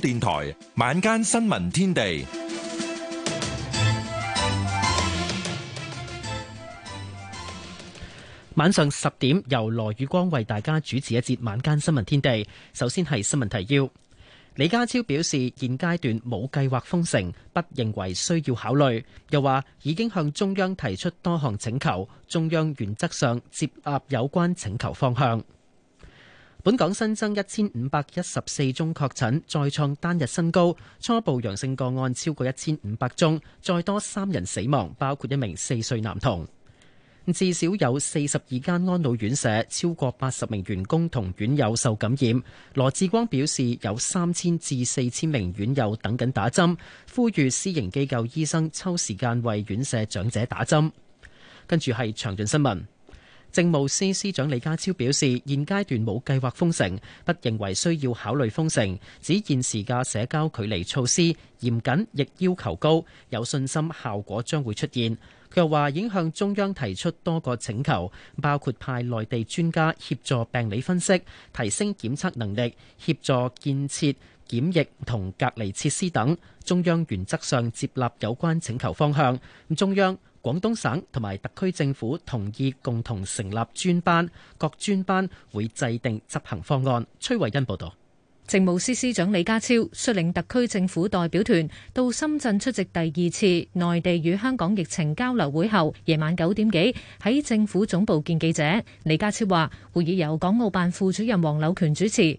電台晚間新聞天地，晚上十點由羅宇光為大家主持一節晚間新聞天地。首先係新聞提要，李家超表示現階段冇計劃封城，不認為需要考慮。又話已經向中央提出多項請求，中央原則上接納有關請求方向。本港新增一千五百一十四宗確診，再創單日新高。初步陽性個案超過一千五百宗，再多三人死亡，包括一名四歲男童。至少有四十二間安老院舍超過八十名員工同院友受感染。羅致光表示，有三千至四千名院友等緊打針，呼籲私營機構醫生抽時間為院舍長者打針。跟住係詳盡新聞。政務司司長李家超表示，現階段冇計劃封城，不認為需要考慮封城。指現時嘅社交距離措施嚴謹，亦要求高，有信心效果將會出現。佢又話已經向中央提出多個請求，包括派內地專家協助病理分析、提升檢測能力、協助建設檢疫同隔離設施等。中央原則上接納有關請求方向。中央。廣東省同埋特區政府同意共同成立專班，各專班會制定執行方案。崔慧欣報道，政務司司長李家超率領特區政府代表團到深圳出席第二次內地與香港疫情交流會後，夜晚九點幾喺政府總部見記者。李家超話：會議由港澳辦副主任黃柳權主持。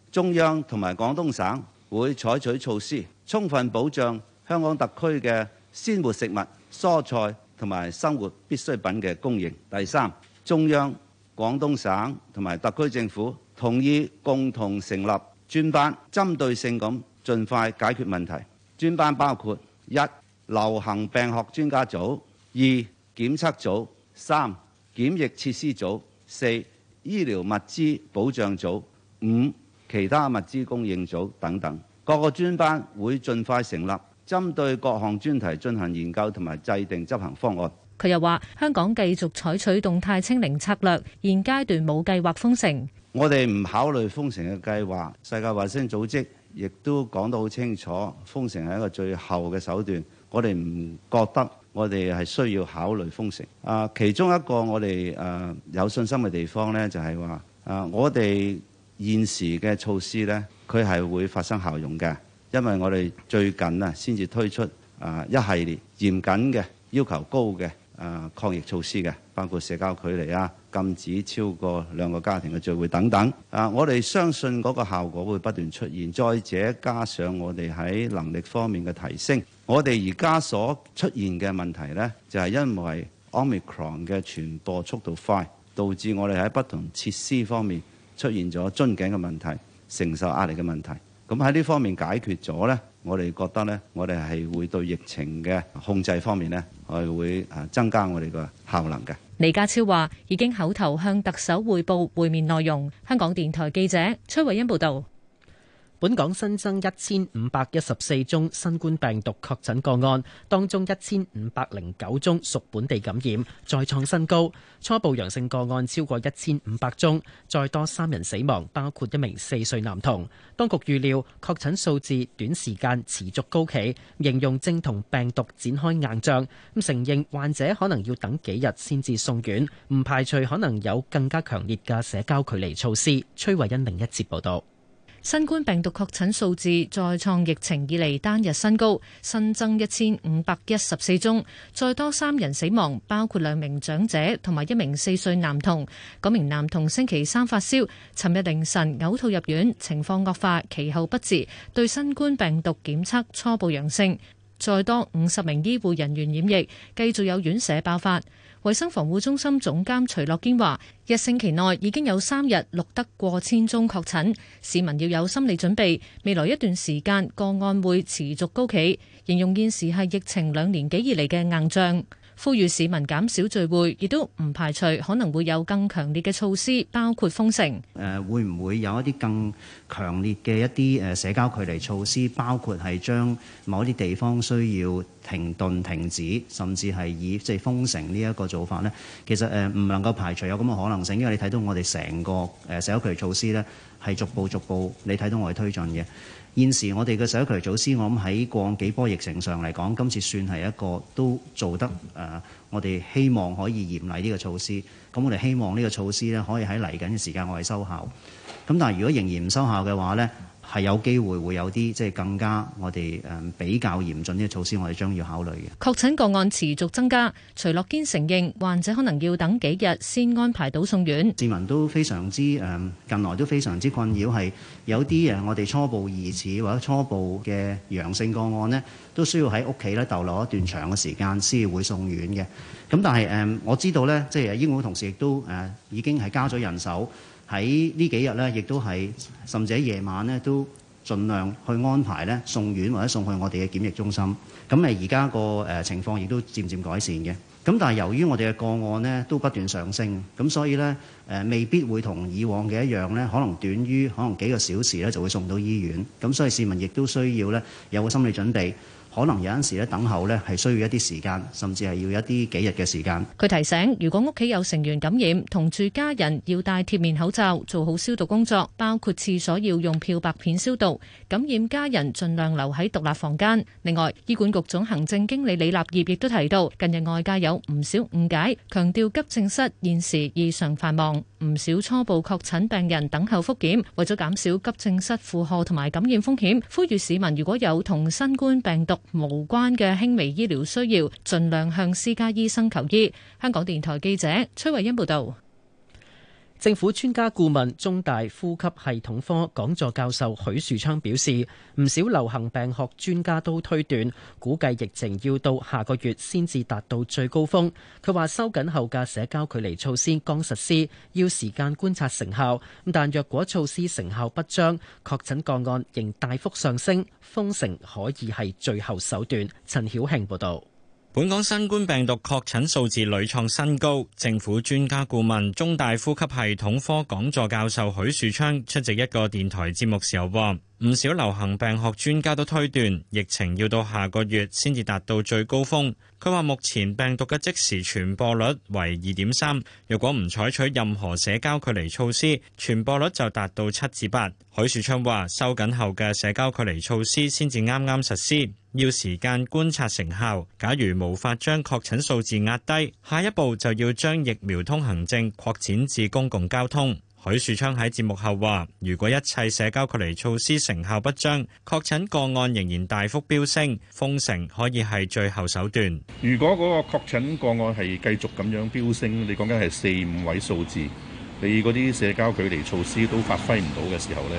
中央同埋廣東省會採取措施，充分保障香港特區嘅鮮活食物、蔬菜同埋生活必需品嘅供應。第三，中央、廣東省同埋特區政府同意共同成立專班，針對性咁盡快解決問題。專班包括：一流行病學專家組、二檢測組、三檢疫設施組、四醫療物資保障組、五。其他物資供應組等等，各個專班會盡快成立，針對各項專題進行研究同埋制定執行方案。佢又話：香港繼續採取動態清零策略，現階段冇計劃封城。我哋唔考慮封城嘅計劃。世界衞生組織亦都講得好清楚，封城係一個最後嘅手段。我哋唔覺得我哋係需要考慮封城。啊，其中一個我哋誒、啊、有信心嘅地方咧，就係、是、話啊，我哋。現時嘅措施呢，佢係會發生效用嘅，因為我哋最近啊，先至推出啊、呃、一系列嚴謹嘅要求高嘅啊、呃、抗疫措施嘅，包括社交距離啊、禁止超過兩個家庭嘅聚會等等。啊、呃，我哋相信嗰個效果會不斷出現。再者，加上我哋喺能力方面嘅提升，我哋而家所出現嘅問題呢，就係、是、因為 Omicron 嘅傳播速度快，導致我哋喺不同設施方面。出現咗樽頸嘅問題、承受壓力嘅問題，咁喺呢方面解決咗呢，我哋覺得呢，我哋係會對疫情嘅控制方面呢，我哋會啊增加我哋個效能嘅。李家超話已經口頭向特首匯報會面內容。香港電台記者崔惠欣報道。本港新增一千五百一十四宗新冠病毒確診個案，當中一千五百零九宗屬本地感染，再創新高。初步陽性個案超過一千五百宗，再多三人死亡，包括一名四歲男童。當局預料確診數字短時間持續高企，形容正同病毒展開硬仗。咁承認患者可能要等幾日先至送院，唔排除可能有更加強烈嘅社交距離措施。崔慧欣另一節報道。新冠病毒確診數字再創疫情以嚟單日新高，新增一千五百一十四宗，再多三人死亡，包括兩名長者同埋一名四歲男童。嗰名男童星期三發燒，尋日凌晨嘔吐入院，情況惡化，其後不治，對新冠病毒檢測初步陽性。再多五十名醫護人員染疫，繼續有院舍爆發。衛生防護中心總監徐樂堅話，一星期內已經有三日錄得過千宗確診，市民要有心理準備，未來一段時間個案會持續高企，形容現時係疫情兩年幾以嚟嘅硬仗。呼籲市民減少聚會，亦都唔排除可能會有更強烈嘅措施，包括封城。誒，會唔會有一啲更強烈嘅一啲誒社交距離措施，包括係將某啲地方需要停頓、停止，甚至係以即係封城呢一個做法咧？其實誒，唔能夠排除有咁嘅可能性，因為你睇到我哋成個誒社交距離措施咧，係逐步逐步，你睇到我哋推進嘅。現時我哋嘅社一條措施，我諗喺過往幾波疫情上嚟講，今次算係一個都做得誒、呃，我哋希望可以嚴厲呢個措施。咁我哋希望呢個措施咧，可以喺嚟緊嘅時間我哋收效。咁但係如果仍然唔收效嘅話咧？係有機會會有啲即係更加我哋誒比較嚴峻啲嘅措施，我哋將要考慮嘅。確診個案持續增加，徐樂堅承認患者可能要等幾日先安排到送院。市民都非常之誒近來都非常之困擾，係有啲誒我哋初步疑似或者初步嘅陽性個案呢，都需要喺屋企咧逗留一段長嘅時間先會送院嘅。咁但係誒我知道咧，即係醫護同事亦都誒已經係加咗人手。喺呢幾日咧，亦都係甚至喺夜晚咧，都盡量去安排咧送院或者送去我哋嘅檢疫中心。咁誒而家個誒情況亦都漸漸改善嘅。咁但係由於我哋嘅個案咧都不斷上升，咁所以咧誒未必會同以往嘅一樣咧，可能短於可能幾個小時咧就會送到醫院。咁所以市民亦都需要咧有個心理準備。可能有陣時咧，等候咧係需要一啲時間，甚至係要一啲幾日嘅時間。佢提醒，如果屋企有成員感染，同住家人要戴貼面口罩，做好消毒工作，包括廁所要用漂白片消毒。感染家人盡量留喺獨立房間。另外，醫管局總行政經理李立業亦都提到，近日外界有唔少誤解，強調急症室現時異常繁忙。唔少初步確診病人等候復檢，為咗減少急症室負荷同埋感染風險，呼籲市民如果有同新冠病毒無關嘅輕微醫療需要，盡量向私家醫生求醫。香港電台記者崔慧欣報道。政府專家顧問、中大呼吸系統科講座教授許樹昌表示，唔少流行病學專家都推斷，估計疫情要到下個月先至達到最高峰。佢話收緊後嘅社交距離措施剛實施，要時間觀察成效。但若果措施成效不彰，確診個案仍大幅上升，封城可以係最後手段。陳曉慶報道。本港新冠病毒確診數字屢創新高，政府專家顧問、中大呼吸系統科講座教授許樹昌出席一個電台節目時候話：唔少流行病學專家都推斷，疫情要到下個月先至達到最高峰。佢話目前病毒嘅即時傳播率為二點三，如果唔採取任何社交距離措施，傳播率就達到七至八。許樹昌話：收緊後嘅社交距離措施先至啱啱實施。要時間觀察成效。假如無法將確診數字壓低，下一步就要將疫苗通行證擴展至公共交通。許樹昌喺節目後話：「如果一切社交距離措施成效不彰，確診個案仍然大幅飆升，封城可以係最後手段。如果嗰個確診個案係繼續咁樣飆升，你講緊係四五位數字，你嗰啲社交距離措施都發揮唔到嘅時候呢，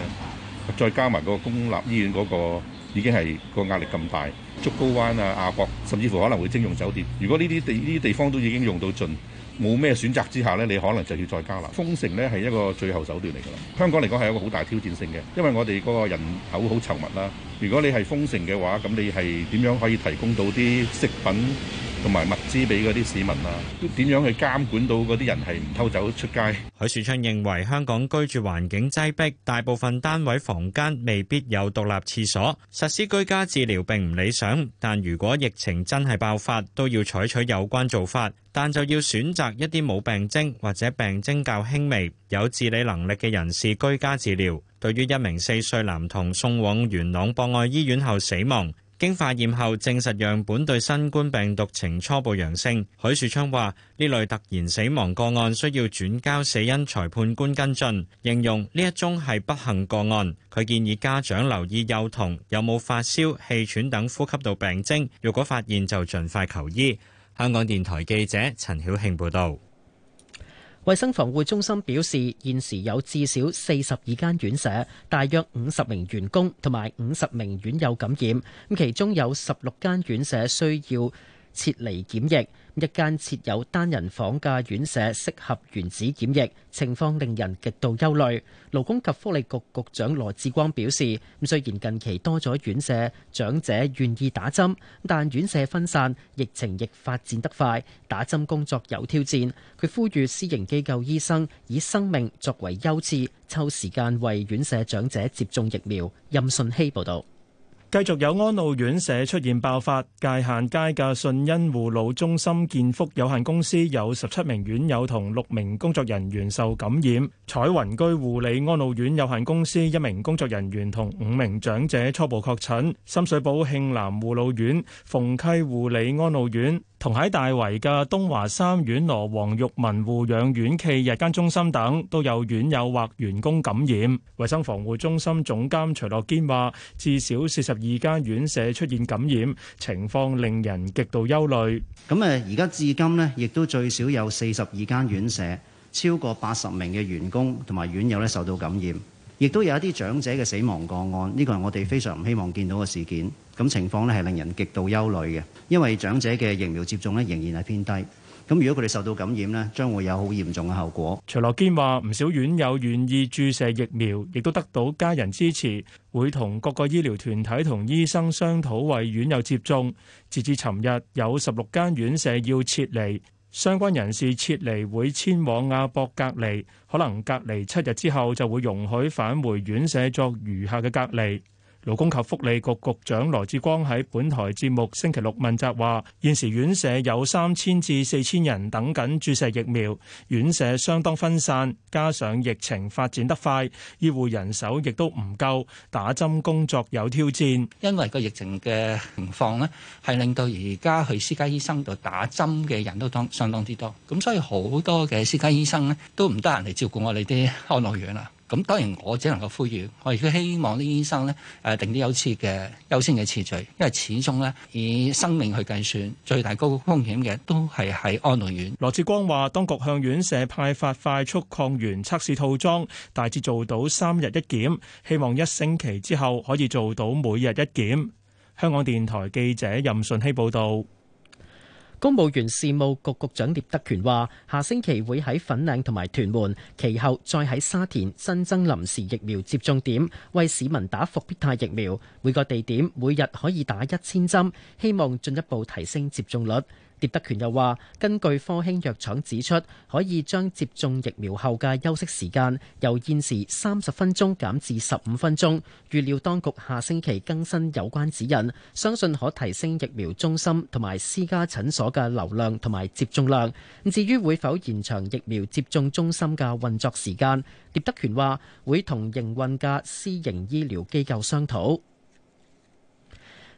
再加埋嗰個公立醫院嗰個。已經係個壓力咁大，竹篙灣啊、亞博，甚至乎可能會徵用酒店。如果呢啲地呢啲地方都已經用到盡，冇咩選擇之下呢，你可能就要再加啦。封城呢係一個最後手段嚟㗎啦。香港嚟講係一個好大挑戰性嘅，因為我哋嗰個人口好稠密啦。如果你係封城嘅話，咁你係點樣可以提供到啲食品？同埋物資俾嗰啲市民啊，都點樣去監管到嗰啲人係唔偷走出街？許樹昌認為香港居住環境擠迫，大部分單位房間未必有獨立廁所，實施居家治療並唔理想。但如果疫情真係爆發，都要採取有關做法，但就要選擇一啲冇病徵或者病徵較輕微、有治理能力嘅人士居家治療。對於一名四歲男童送往元朗博愛醫院後死亡。經化驗後證實樣本對新冠病毒呈初步陽性。許樹昌話：呢類突然死亡個案需要轉交死因裁判官跟進。形容呢一宗係不幸個案。佢建議家長留意幼童有冇發燒、氣喘等呼吸道病徵，如果發現就盡快求醫。香港電台記者陳曉慶報道。衛生防護中心表示，現時有至少四十二間院舍，大約五十名員工同埋五十名院友感染，咁其中有十六間院舍需要撤離檢疫。一間設有單人房嘅院舍適合原址檢疫，情況令人極度憂慮。勞工及福利局局長羅志光表示，咁雖然近期多咗院舍，長者願意打針，但院舍分散，疫情亦發展得快，打針工作有挑戰。佢呼籲私營機構醫生以生命作為優次，抽時間為院舍長者接種疫苗。任信希報道。繼續有安老院舍出現爆發，界限街嘅順恩護老中心建福有限公司有十七名院友同六名工作人員受感染，彩雲居護理安老院有限公司一名工作人員同五名長者初步確診，深水埗慶南護老院、鳳溪護理安老院。同喺大圍嘅東華三院羅王玉民護養院暨日間中心等，都有院友或員工感染。衛生防護中心總監徐樂堅話，至少四十二間院舍出現感染，情況令人極度憂慮。咁啊，而家至今咧，亦都最少有四十二間院舍，超過八十名嘅員工同埋院友咧受到感染。亦都有一啲長者嘅死亡個案，呢個係我哋非常唔希望見到嘅事件。咁情況呢係令人極度憂慮嘅，因為長者嘅疫苗接種呢仍然係偏低。咁如果佢哋受到感染呢，將會有好嚴重嘅後果。徐樂堅話：唔少院友願意注射疫苗，亦都得到家人支持，會同各個醫療團體同醫生商討為院友接種。截至尋日，有十六間院舍要撤離。相關人士撤離會遷往亞博隔離，可能隔離七日之後就會容許返回院舍作餘下嘅隔離。勞工及福利局局長羅志光喺本台節目星期六問責話：現時院舍有三千至四千人等緊注射疫苗，院舍相當分散，加上疫情發展得快，醫護人手亦都唔夠，打針工作有挑戰。因為個疫情嘅情況呢係令到而家去私家醫生度打針嘅人都當相當之多，咁所以好多嘅私家醫生咧都唔得閒嚟照顧我哋啲安老院啦。咁當然，我只能夠呼籲，我亦都希望啲醫生咧，誒定啲優次嘅優先嘅次序，因為始終咧以生命去計算，最大高風險嘅都係喺安老院。羅志光話，當局向院舍派發快速抗原測試套裝，大致做到三日一檢，希望一星期之後可以做到每日一檢。香港電台記者任順希報道。公務員事務局局長聶德權話，下星期會喺粉嶺同埋屯門，其後再喺沙田新增臨時疫苗接種點，為市民打復必泰疫苗。每個地點每日可以打一千針，希望進一步提升接種率。聶德權又話，根據科興藥廠指出，可以將接種疫苗後嘅休息時間由現時三十分鐘減至十五分鐘。預料當局下星期更新有關指引，相信可提升疫苗中心同埋私家診所嘅流量同埋接種量。咁至於會否延長疫苗接種中心嘅運作時間，聶德權話會同營運嘅私營醫療機構商討。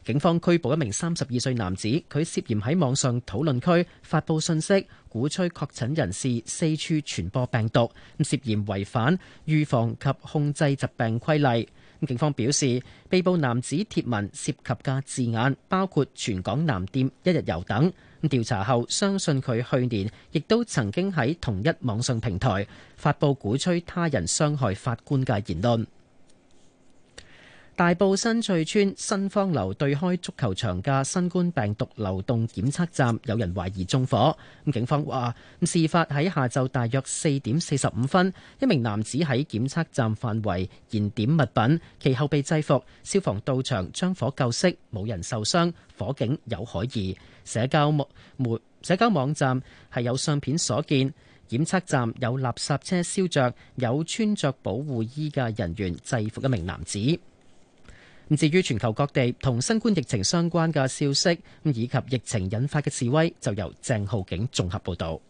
警方拘捕一名三十二歲男子，佢涉嫌喺網上討論區發佈信息，鼓吹確診人士四處傳播病毒，咁涉嫌違反預防及控制疾病規例。警方表示，被捕男子貼文涉及嘅字眼包括全港南店一日遊等。調查後相信佢去年亦都曾經喺同一網上平台發佈鼓吹他人傷害法官嘅言論。大埔新翠村新方樓對開足球場嘅新冠病毒流動檢測站，有人懷疑縱火。咁警方話，事發喺下晝大約四點四十五分，一名男子喺檢測站範圍燃點物品，其後被制服。消防到場將火救熄，冇人受傷。火警有可疑，社交媒社交網站係有相片所見，檢測站有垃圾車燒着，有穿着保護衣嘅人員制服一名男子。至於全球各地同新冠疫情相關嘅消息，以及疫情引發嘅示威，就由鄭浩景綜合報道。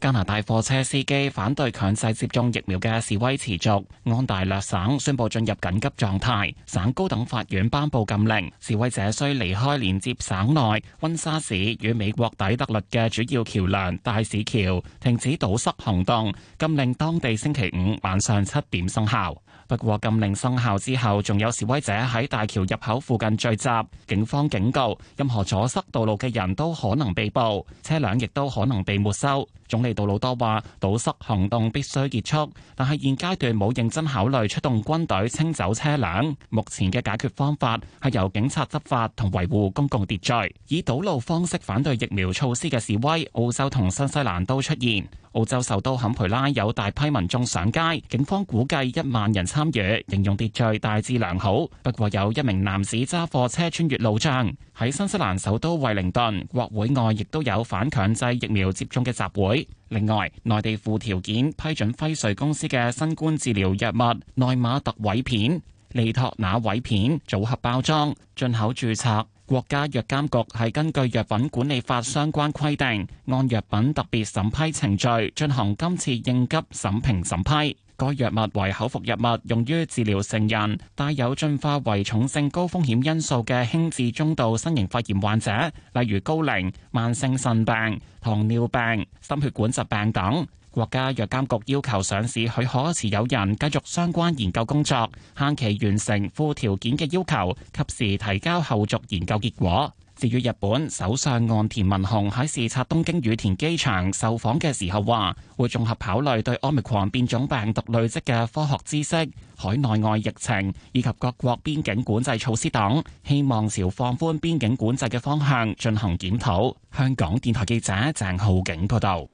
加拿大貨車司機反對強制接種疫苗嘅示威持續，安大略省宣布進入緊急狀態，省高等法院頒布禁令，示威者需離開連接省內溫莎市與美國底特律嘅主要橋梁大使橋，停止堵塞行動。禁令當地星期五晚上七點生效。不過禁令生效之後，仲有示威者喺大橋入口附近聚集，警方警告，任何阻塞道路嘅人都可能被捕，車輛亦都可能被沒收。總理杜魯多話：堵塞行動必須結束，但係現階段冇認真考慮出動軍隊清走車輛。目前嘅解決方法係由警察執法同維護公共秩序。以堵路方式反對疫苗措施嘅示威，澳洲同新西蘭都出現。澳洲首都坎培拉有大批民眾上街，警方估計一萬人參與，形容秩序大致良好。不過有一名男子揸貨車穿越路障。喺新西蘭首都惠靈頓，國會外亦都有反強制疫苗接種嘅集會。另外，內地附條件批准輝瑞公司嘅新冠治療藥物奈瑪特韋片、利托那韋片組合包裝進口註冊。國家藥監局係根據藥品管理法相關規定，按藥品特別審批程序進行今次應急審評審批。該藥物為口服藥物，用於治療成人帶有進化為重症高風險因素嘅輕至中度新型肺炎患者，例如高齡、慢性腎病、糖尿病、心血管疾病等。國家藥監局要求上市許可持有人繼續相關研究工作，限期完成附條件嘅要求，及時提交後續研究結果。至於日本首相岸田文雄喺視察東京羽田機場受訪嘅時候話，會綜合考慮對奧密克戎變種病毒累積嘅科學知識、海內外疫情以及各國邊境管制措施，等，希望朝放寬邊境管制嘅方向進行檢討。香港電台記者鄭浩景報道。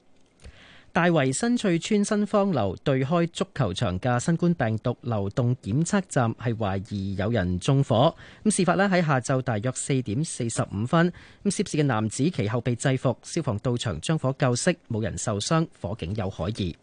大圍新翠邨新芳樓對開足球場嘅新冠病毒流動檢測站係懷疑有人縱火，咁事發呢喺下晝大約四點四十五分，咁涉事嘅男子其後被制服，消防到場將火救熄，冇人受傷，火警有可疑。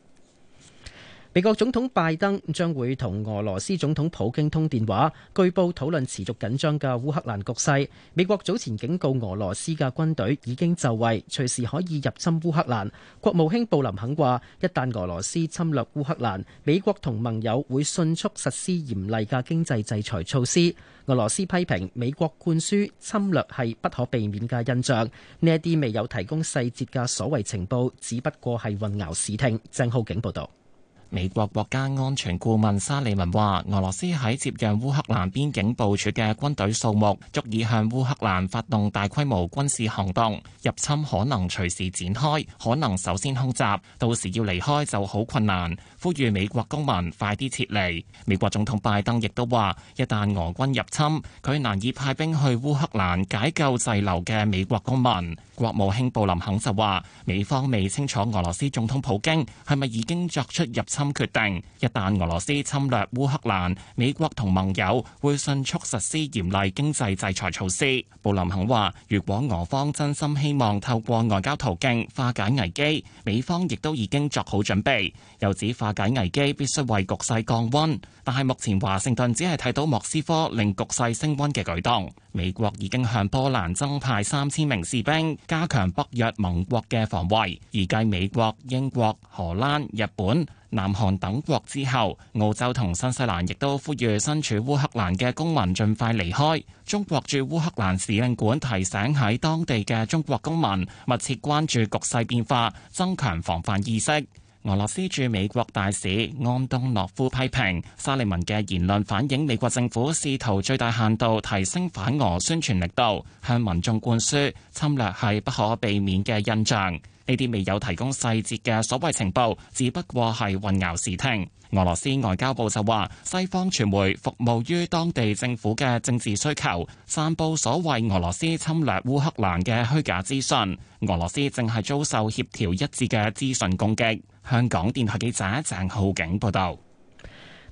美國總統拜登將會同俄羅斯總統普京通電話，據報討論持續緊張嘅烏克蘭局勢。美國早前警告俄羅斯嘅軍隊已經就位，隨時可以入侵烏克蘭。國務卿布林肯話：一旦俄羅斯侵略烏克蘭，美國同盟友會迅速實施嚴厲嘅經濟制裁措施。俄羅斯批評美國灌輸侵略係不可避免嘅印象。呢一啲未有提供細節嘅所謂情報，只不過係混淆視聽。鄭浩景報道。美國國家安全顧問沙利文話，俄羅斯喺接壤烏克蘭邊境部署嘅軍隊數目足以向烏克蘭發動大規模軍事行動，入侵可能隨時展開，可能首先空襲，到時要離開就好困難，呼籲美國公民快啲撤離。美國總統拜登亦都話，一旦俄軍入侵，佢難以派兵去烏克蘭解救滯留嘅美國公民。國務卿布林肯就話美方未清楚俄羅斯總統普京係咪已經作出入侵。決定一旦俄羅斯侵略烏克蘭，美國同盟友會迅速實施嚴厲經濟制裁措施。布林肯話，如果俄方真心希望透過外交途徑化解危機，美方亦都已經作好準備。又指化解危機必須為局勢降温，但係目前華盛頓只係睇到莫斯科令局勢升溫嘅舉動。美國已經向波蘭增派三千名士兵，加強北約盟國嘅防衛。而繼美國、英國、荷蘭、日本、南韓等國之後，澳洲同新西蘭亦都呼籲身處烏克蘭嘅公民盡快離開。中國駐烏克蘭使領館提醒喺當地嘅中國公民密切關注局勢變化，增強防範意識。俄羅斯駐美國大使安東諾夫批評沙利文嘅言論反映美國政府試圖最大限度提升反俄宣傳力度，向民眾灌輸侵略係不可避免嘅印象。呢啲未有提供細節嘅所謂情報，只不過係混淆視聽。俄羅斯外交部就話，西方傳媒服務於當地政府嘅政治需求，散布所謂俄羅斯侵略烏克蘭嘅虛假資訊，俄羅斯正係遭受協調一致嘅資訊攻擊，香港電台記者鄭浩景報道。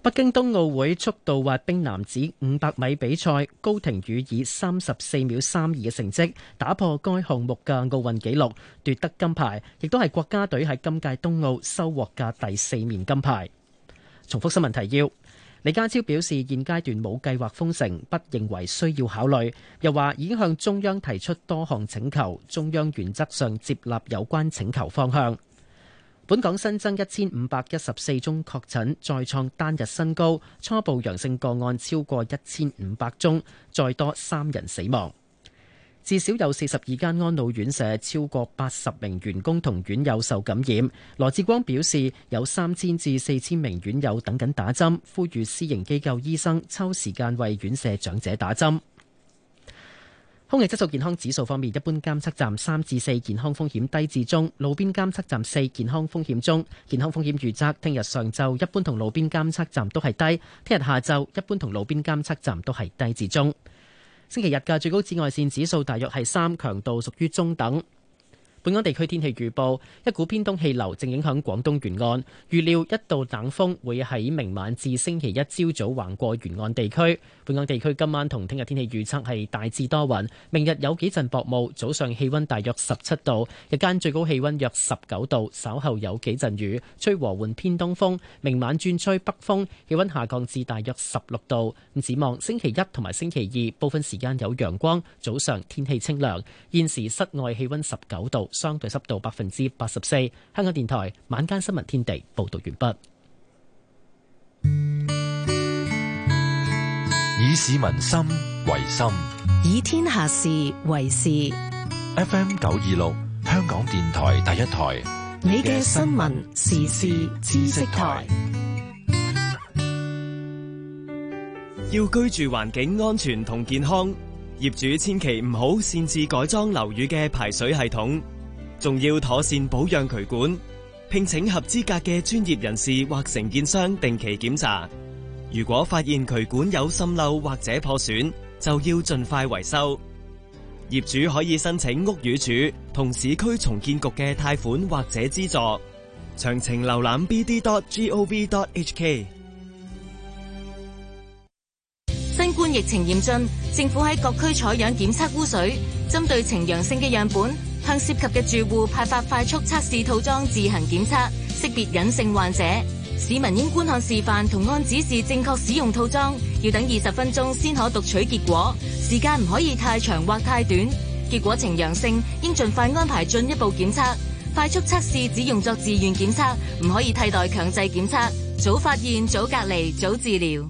北京冬奧會速度滑冰男子五百米比賽，高亭宇以三十四秒三二嘅成績打破該項目嘅奧運紀錄，奪得金牌，亦都係國家隊喺今屆冬奧收穫嘅第四面金牌。重複新聞提要：李家超表示，現階段冇計劃封城，不認為需要考慮。又話已經向中央提出多項請求，中央原則上接納有關請求方向。本港新增一千五百一十四宗確診，再創單日新高。初步陽性個案超過一千五百宗，再多三人死亡。至少有四十二間安老院舍超過八十名員工同院友受感染。羅致光表示，有三千至四千名院友等緊打針，呼籲私營機構醫生抽時間為院舍長者打針。空氣質素健康指數方面，一般監測站三至四，健康風險低至中；路邊監測站四，健康風險中。健康風險預測：聽日上晝一般同路邊監測站都係低；聽日下晝一般同路邊監測站都係低至中。星期日嘅最高紫外線指數大約係三，強度屬於中等。本港地區天氣預報，一股偏東氣流正影響廣東沿岸，預料一道冷風會喺明晚至星期一朝早橫過沿岸地區，本港地區今晚同聽日天氣預測係大致多雲，明日有幾陣薄霧，早上氣温大約十七度，日間最高氣温約十九度，稍後有幾陣雨，吹和緩偏東風，明晚轉吹北風，氣温下降至大約十六度。咁展望星期一同埋星期二，部分時間有陽光，早上天氣清涼，現時室外氣温十九度。相對濕度百分之八十四。香港電台晚間新聞天地報道完畢。以市民心為心，以天下事為事。FM 九二六，香港電台第一台，你嘅新聞時事知識台。要居住環境安全同健康，業主千祈唔好擅自改裝樓宇嘅排水系統。仲要妥善保養渠管，聘請合資格嘅專業人士或承建商定期檢查。如果發現渠管有滲漏或者破損，就要盡快維修。業主可以申請屋宇署同市區重建局嘅貸款或者資助。詳情瀏覽 bd.gov.hk。新冠疫情嚴峻，政府喺各區採樣檢測污水，針對呈陽性嘅樣本，向涉及嘅住戶派發快速測試套裝，自行檢測，識別隱性患者。市民應觀看示範同按指示正確使用套裝，要等二十分鐘先可讀取結果。時間唔可以太長或太短。結果呈陽性，應盡快安排進一步檢測。快速測試只用作自願檢測，唔可以替代強制檢測。早發現，早隔離，早治療。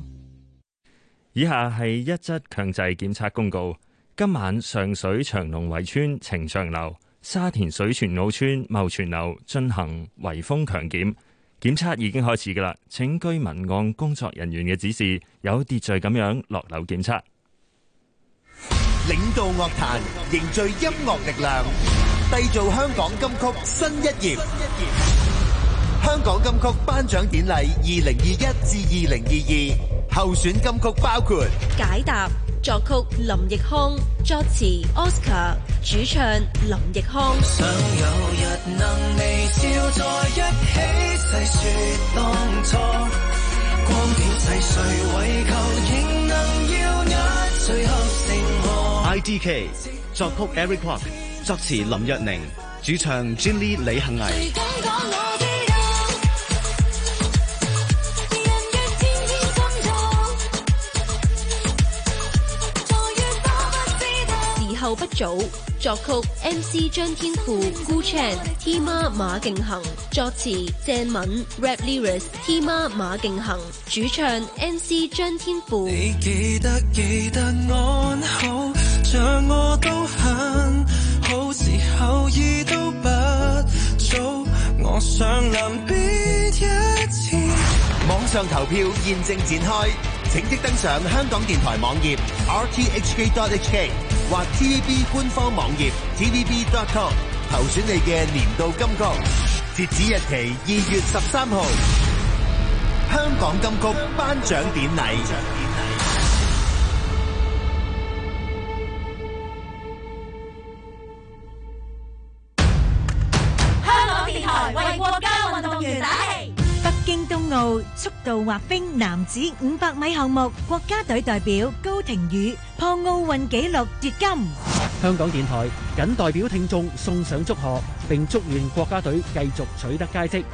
以下係一則強制檢測公告。今晚上水長龍圍村呈上流。沙田水泉澳村茂泉樓進行圍風強檢，檢測已經開始噶啦，請居民按工作人員嘅指示，有秩序咁樣落樓檢測。領導樂壇，凝聚音樂力量，締造香港金曲新一頁。香港金曲頒獎典禮二零二一至二零二二候選金曲包括解答。作曲林奕匡，作詞 Oscar，主唱林奕匡。想有日能微笑在一起，細說當初。I D K，作曲 Eric Kwok，作詞林若寧，主唱 Gin Lee 李幸倪。不早作曲，MC 張天賦、Gucci、T 媽、馬敬恒作詞，鄭敏 rap lyrics，T 媽、馬敬恒主唱，MC 張天賦。你記得記得我好，像我都很好時候意都不早，我想臨別一次。網上投票現正展開，請即登上香港電台網頁，rthk.hk。或 TVB 官方網頁 tvb.com 投選你嘅年度金曲，截止日期二月十三號。香港金曲頒獎典禮。速度滑冰男子五百米項目，國家隊代表高亭宇破奧運紀錄奪金。香港電台謹代表聽眾送上祝賀，並祝願國家隊繼續取得佳績。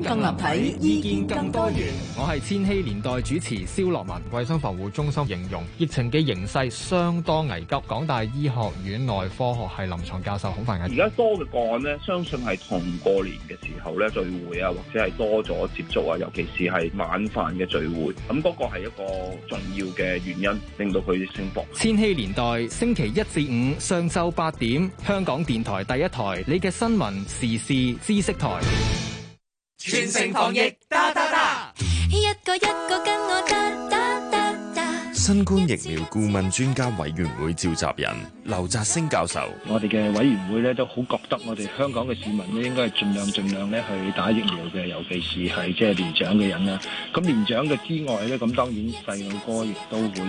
更立體，意見更多元。我係千禧年代主持蕭樂文。衛生防護中心形容疫情嘅形勢相當危急。港大醫學院內科學系臨床教授孔繁毅，而家多嘅個案咧，相信係同過年嘅時候咧聚會啊，或者係多咗接觸啊，尤其是係晚飯嘅聚會，咁、那、嗰個係一個重要嘅原因，令到佢升幅。千禧年代星期一至五上晝八點，香港電台第一台，你嘅新聞時事知識台。全城防疫，噠噠噠！一個一個跟我噠噠噠。新冠疫苗顧問專家委員會召集人劉澤星教授，我哋嘅委員會咧都好覺得，我哋香港嘅市民咧應該係盡量盡量咧去打疫苗嘅，尤其是係即係年長嘅人啦。咁年長嘅之外咧，咁當然細路哥亦都會。